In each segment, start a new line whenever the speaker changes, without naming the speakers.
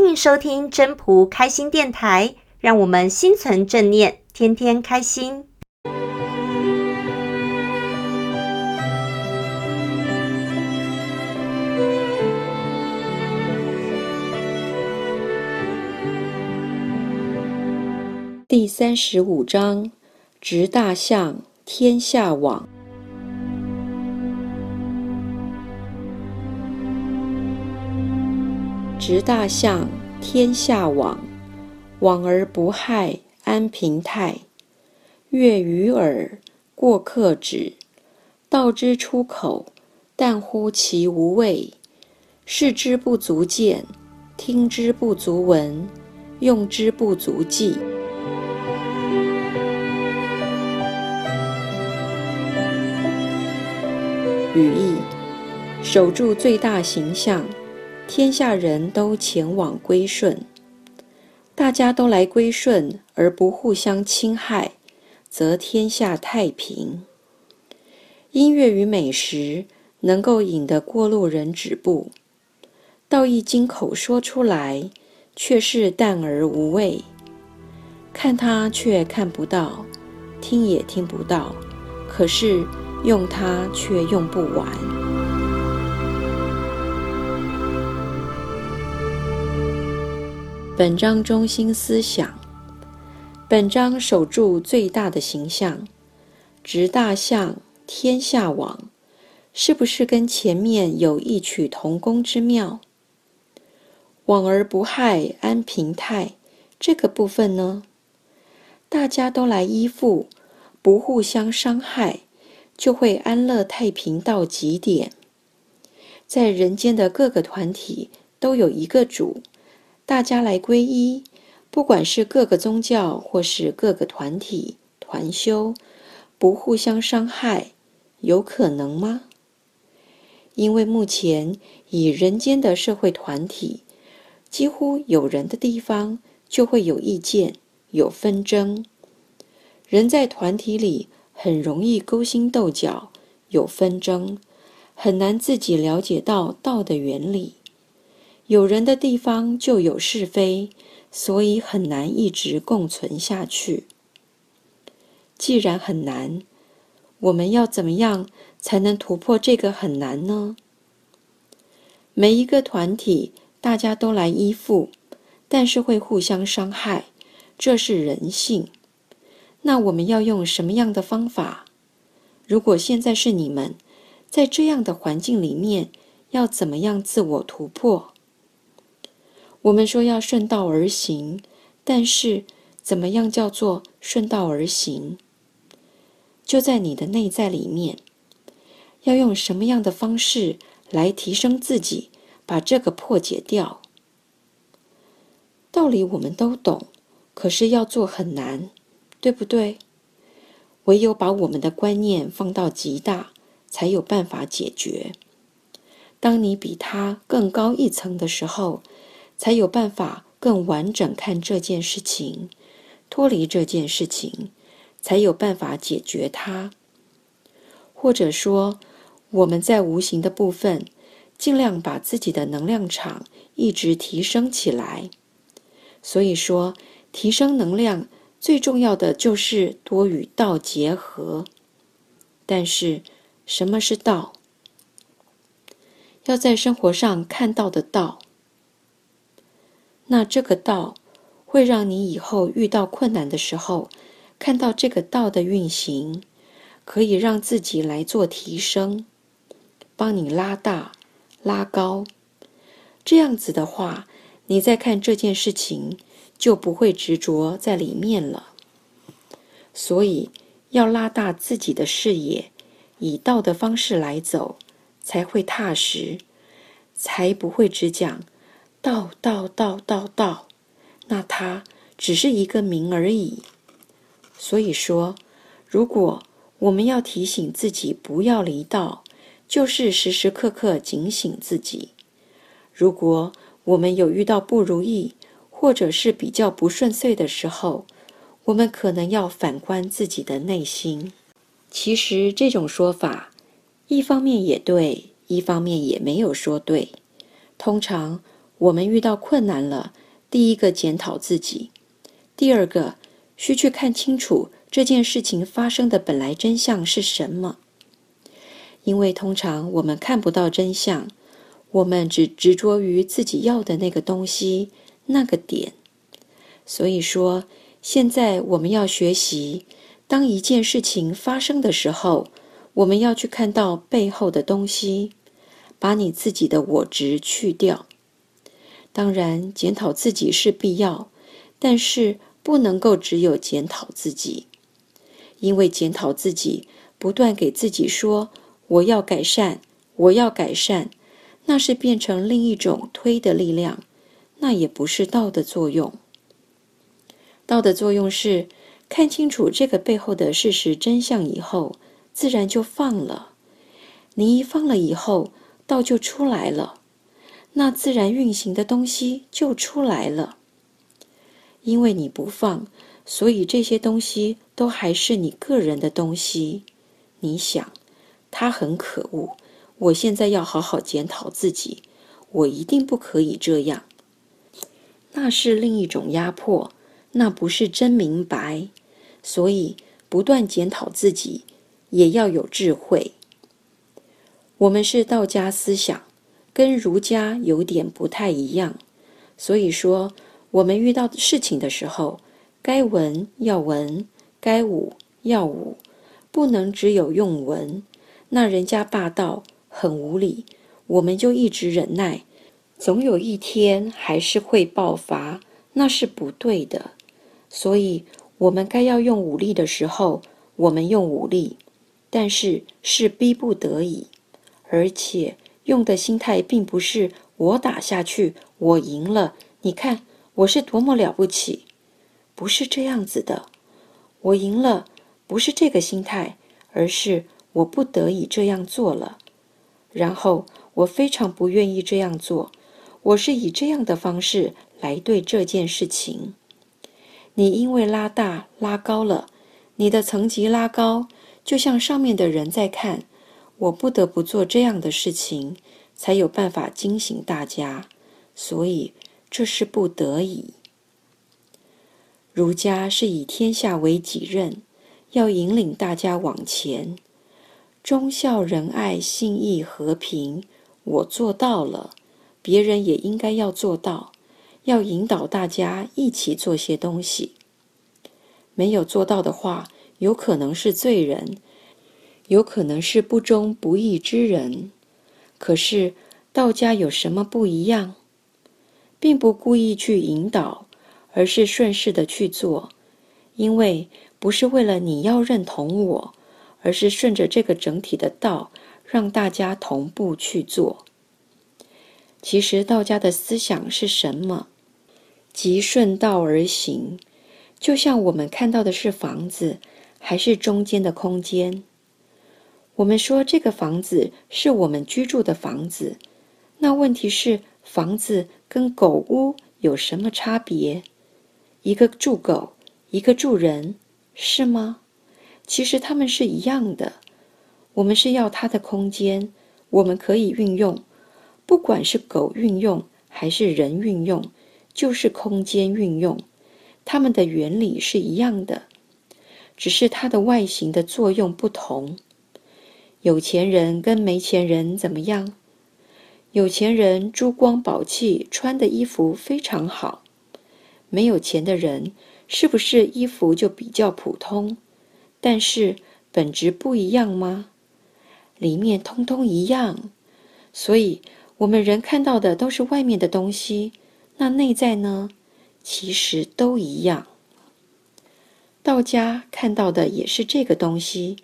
歡迎收聽真樸開心電臺，讓我們心存正念，天天開心。第三十五章：執大象，天下往。執大象，天下往；往而不害，安平泰。樂與餌，過客止。道之出口，淡乎其無味；視之不足見，聽之不足聞，用之不足既。語義：守住最大形象。天下人都前往歸順，大家都來歸順而不互相侵害，則天下太平。音樂與美食能夠引得過路人止步，道一經口說出來，卻是淡而無味；看它卻看不到，聽也聽不到，可是用它卻用不完。本章中心思想，本章守住最大的形象，執大象，天下往，是不是跟前面有異曲同工之妙？往而不害，安平泰，這個部分呢？大家都來依附，不互相傷害，就會安樂太平到極點。在人間的各個團體都有一個主。大家來皈依，不管是各個宗教或是各個團體團修，不互相傷害，有可能嗎？因為目前以人間的社會團體，幾乎有人的地方就會有意見、有紛爭。人在團體裡很容易勾心鬥角、有紛爭，很難自己了解到道的原理。有人的地方就有是非，所以很難一直共存下去。既然很難，我們要怎麼樣才能突破這個很難呢？每一個團體大家都來依附，但是會互相傷害，這是人性。那我們要用什麼樣的方法？如果現在是你們，在這樣的環境裡面，要怎麼樣自我突破？我們說要順道而行，但是怎麼樣叫做順道而行？就在你的內在裡面，要用什麼樣的方式來提升自己，把這個破解掉？道理我們都懂，可是要做很難，對不對？唯有把我們的觀念放到極大，才有辦法解決。當你比他更高一層的時候。才有辦法更完整看這件事情，脫離這件事情，才有辦法解決它。或者說，我們在無形的部分，盡量把自己的能量場一直提升起來。所以說，提升能量最重要的就是多與道結合。但是，什麼是道？要在生活上看到的道。那這個道，會讓你以後遇到困難的時候，看到這個道的運行，可以讓自己來做提升，幫你拉大、拉高。這樣子的話，你再看這件事情，就不會執着在裡面了。所以要拉大自己的視野，以道的方式來走，才會踏實，才不會只講。道道道道道，那它只是一個名而已。所以說，如果我們要提醒自己不要離道，就是時時刻刻警醒自己。如果我們有遇到不如意，或者是比較不順遂的時候，我們可能要反觀自己的內心。其實這種說法，一方面也對，一方面也沒有說對。通常。我們遇到困難了，第一個檢討自己，第二個需去看清楚這件事情發生的本來真相是什麼。因為通常我們看不到真相，我們只執着於自己要的那個東西、那個點。所以說，現在我們要學習，當一件事情發生的時候，我們要去看到背後的東西，把你自己的我執去掉。當然，檢討自己是必要，但是不能夠只有檢討自己，因為檢討自己，不斷給自己說“我要改善，我要改善”，那是變成另一種推的力量，那也不是道的作用。道的作用是看清楚這個背後的事實真相以後，自然就放了。你一放了以後，道就出來了。那自然運行的東西就出來了，因為你不放，所以這些東西都還是你個人的東西。你想，他很可惡，我現在要好好檢討自己，我一定不可以這樣。那是另一種壓迫，那不是真明白。所以不斷檢討自己，也要有智慧。我們是道家思想。跟儒家有點不太一樣，所以說我們遇到事情的時候，該文要文，該武要武，不能只有用文。那人家霸道很無理，我們就一直忍耐，總有一天還是會爆發，那是不對的。所以，我們該要用武力的時候，我們用武力，但是是逼不得已，而且。用的心態並不是我打下去我贏了，你看我是多麼了不起，不是這樣子的。我贏了，不是這個心態，而是我不得已這樣做了。然後我非常不願意這樣做，我是以這樣的方式來對這件事情。你因為拉大拉高了，你的層級拉高，就像上面的人在看。我不得不做這樣的事情，才有辦法驚醒大家，所以這是不得已。儒家是以天下為己任，要引領大家往前，忠孝仁愛信義和平，我做到了，別人也應該要做到，要引導大家一起做些東西。沒有做到的話，有可能是罪人。有可能是不忠不義之人，可是道家有什麼不一樣？並不故意去引導，而是順勢的去做，因為不是為了你要認同我，而是順着這個整體的道，讓大家同步去做。其實道家的思想是什麼？即順道而行。就像我們看到的是房子，還是中間的空間？我們說這個房子是我們居住的房子，那問題是房子跟狗屋有什麼差別？一個住狗，一個住人，是嗎？其實它們是一樣的。我們是要它的空間，我們可以運用，不管是狗運用還是人運用，就是空間運用，它們的原理是一樣的，只是它的外形的作用不同。有錢人跟沒錢人怎麼樣？有錢人珠光寶氣，穿的衣服非常好；沒有錢的人，是不是衣服就比較普通？但是本質不一樣嗎？裡面通通一樣。所以我們人看到的都是外面的東西，那內在呢？其實都一樣。道家看到的也是這個東西。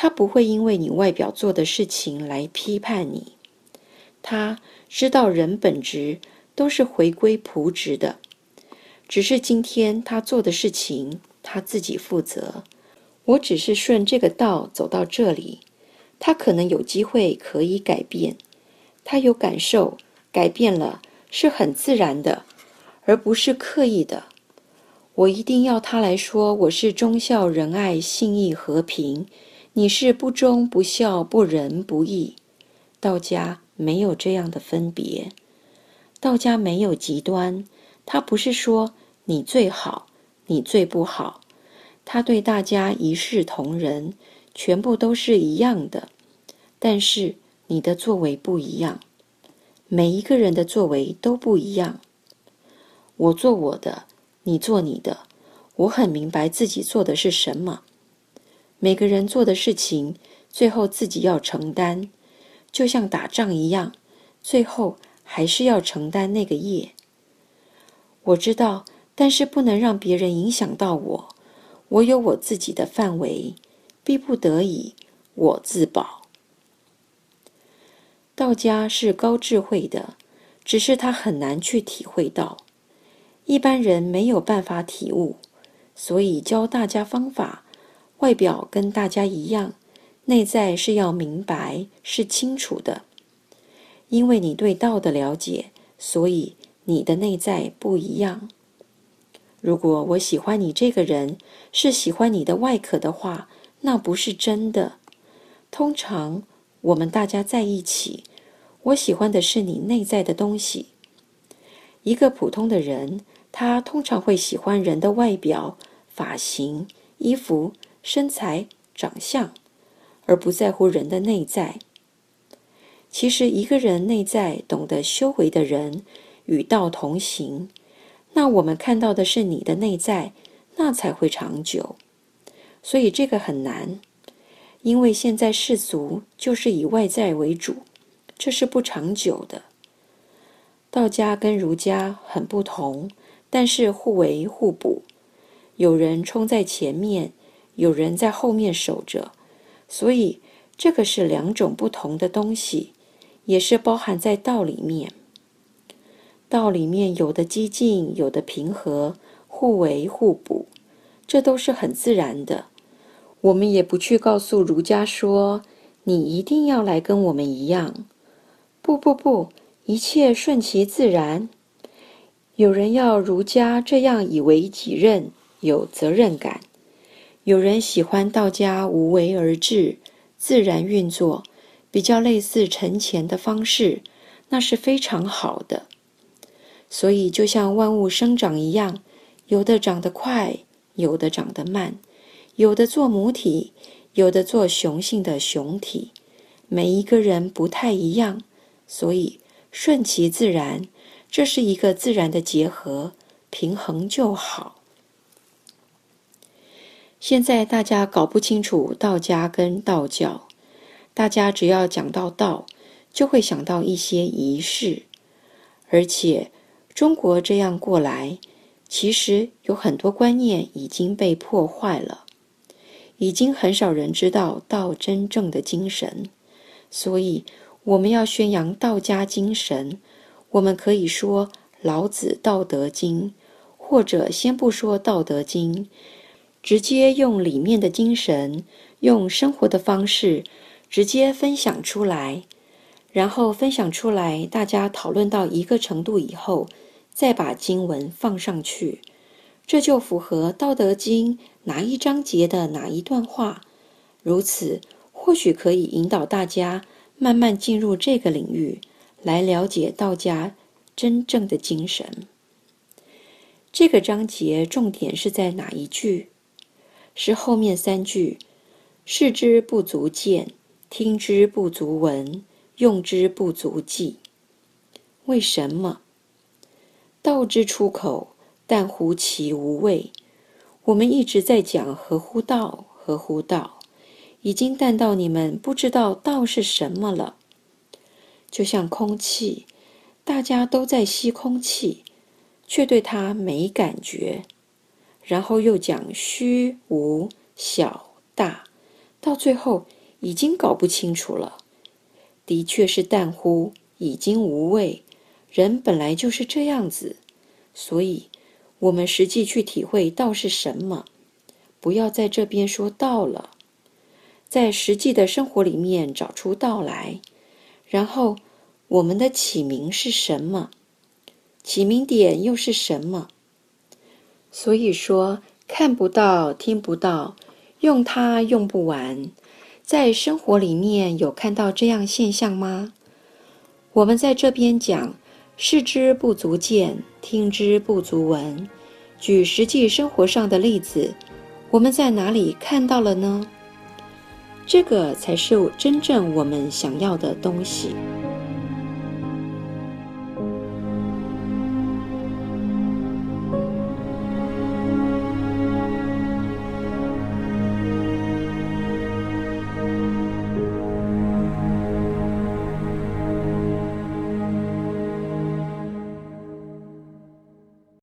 他不會因為你外表做的事情來批判你。他知道人本質都是回歸樸直的，只是今天他做的事情他自己負責。我只是順這個道走到這裡。他可能有機會可以改變。他有感受，改變了是很自然的，而不是刻意的。我一定要他來說，我是忠孝仁愛信義和平。你是不忠不孝不仁不義，道家沒有這樣的分別，道家沒有極端，他不是說你最好，你最不好，他對大家一視同仁，全部都是一樣的，但是你的作為不一樣，每一個人的作為都不一樣，我做我的，你做你的，我很明白自己做的是什麼。每個人做的事情，最後自己要承擔，就像打仗一樣，最後還是要承擔那個業。我知道，但是不能讓別人影響到我，我有我自己的範圍，逼不得已，我自保。道家是高智慧的，只是他很難去體會到，一般人沒有辦法體悟，所以教大家方法。外表跟大家一樣，內在是要明白是清楚的，因為你對道的了解，所以你的內在不一樣。如果我喜歡你這個人是喜歡你的外殼的話，那不是真的。通常我們大家在一起，我喜歡的是你內在的東西。一個普通的人，他通常會喜歡人的外表、髮型、衣服。身材、長相，而不在乎人的內在。其實，一個人內在懂得修為的人，與道同行。那我們看到的是你的內在，那才會長久。所以這個很難，因為現在世俗就是以外在為主，這是不長久的。道家跟儒家很不同，但是互為互補。有人衝在前面。有人在後面守着，所以這個是兩種不同的東西，也是包含在道裡面。道裡面有的激進，有的平和，互為互補，這都是很自然的。我們也不去告訴儒家說，你一定要來跟我們一樣。不不不，一切順其自然。有人要儒家這樣以為己任，有責任感。有人喜歡道家無為而治、自然運作，比較類似存錢的方式，那是非常好的。所以，就像萬物生長一樣，有的長得快，有的長得慢，有的做母體，有的做雄性的雄體，每一個人不太一樣，所以順其自然，這是一個自然的結合，平衡就好。現在大家搞不清楚道家跟道教，大家只要講到道，就會想到一些儀式，而且中國這樣過來，其實有很多觀念已經被破壞了，已經很少人知道道真正的精神。所以我們要宣揚道家精神，我們可以說《老子·道德經》，或者先不說《道德經》。直接用裡面的精神，用生活的方式直接分享出來，然後分享出來，大家討論到一個程度以後，再把經文放上去，這就符合《道德經》哪一章節的哪一段話。如此，或許可以引導大家慢慢進入這個領域，來了解道家真正的精神。這個章節重點是在哪一句？是後面三句：視之不足見，聽之不足聞，用之不足既。為什麼？道之出口，淡乎其無味。我們一直在講合乎道，合乎道，已經淡到你們不知道道是什麼了。就像空氣，大家都在吸空氣，卻對它沒感覺。然後又講虛無小大，到最後已經搞不清楚了。的確是淡乎，已經無味。人本來就是這樣子，所以我們實際去體會道是什麼，不要在這邊說道了，在實際的生活裡面找出道來。然後我們的起名是什麼？起名點又是什麼？所以說，看不到、聽不到，用它用不完，在生活裡面有看到這樣現象嗎？我們在這邊講，視之不足見，聽之不足聞，舉實際生活上的例子，我們在哪裡看到了呢？這個才是真正我們想要的東西。